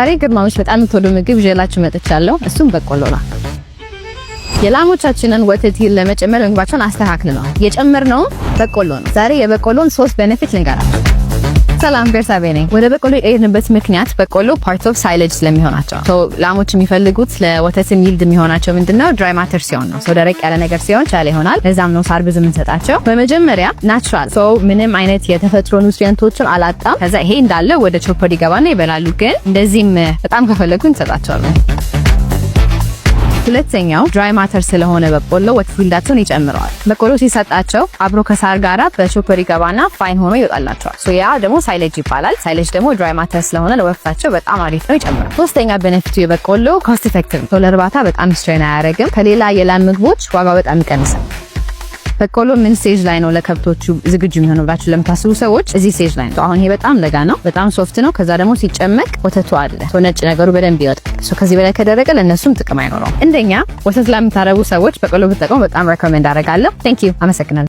ዛሬ ግርማዎች በጣም የምትወዱ ምግብ ይዤላችሁ መጥቻለሁ። እሱም በቆሎ ነው። የላሞቻችንን ወተት ለመጨመር ምግባቸውን አስተካክለናል። የጨመርነው በቆሎ ነው። ዛሬ የበቆሎን ሶስት ቤኔፊት ልንገራችሁ። ሰላም ቤርሳ ቤኔ። ወደ በቆሎ የቀየርንበት ምክንያት በቆሎ ፓርት ኦፍ ሳይለጅ ስለሚሆናቸው ላሞች የሚፈልጉት ለወተትም ይልድ የሚሆናቸው ምንድነው ድራይ ማተር ሲሆን ነው። ደረቅ ያለ ነገር ሲሆን ቻለ ይሆናል። ለዛም ነው ሳር ብዙ የምንሰጣቸው። በመጀመሪያ ናቹራል ሰው ምንም አይነት የተፈጥሮ ኑትሪንቶችን አላጣም። ከዛ ይሄ እንዳለ ወደ ቾፐር ይገባና ይበላሉ። ግን እንደዚህም በጣም ከፈለጉ እንሰጣቸዋለን። ሁለተኛው ድራይ ማተር ስለሆነ በቆሎ ወትፊልዳቸውን ይጨምረዋል። በቆሎ ሲሰጣቸው አብሮ ከሳር ጋራ በሾፐር ይገባና ፋይን ሆኖ ይወጣላቸዋል። ሶ ያ ደግሞ ሳይለጅ ይባላል። ሳይለጅ ደግሞ ድራይ ማተር ስለሆነ ለወፍታቸው በጣም አሪፍ ነው፣ ይጨምራል። ሶስተኛ በነፊቱ የበቆሎ ኮስት ኢፌክቲቭ ነው። ለእርባታ በጣም ስትሬን አያደርግም። ከሌላ የላም ምግቦች ዋጋው በጣም ይቀንሳል። በቆሎ ምን ስቴጅ ላይ ነው ለከብቶቹ ዝግጁ የሚሆነው ብላችሁ ለምታስቡ ሰዎች እዚህ ስቴጅ ላይ ነው። አሁን ይሄ በጣም ለጋ ነው፣ በጣም ሶፍት ነው። ከዛ ደግሞ ሲጨመቅ ወተቱ አለ ነጭ ነገሩ በደንብ ይወጣል። ከዚህ በላይ ከደረቀ ለእነሱም ጥቅም አይኖረውም። እንደኛ ወተት ለምታረቡ ሰዎች በቆሎ ብትጠቀሙ በጣም ሬኮመንድ አደርጋለሁ። ቴንክ ዩ አመሰግናለሁ።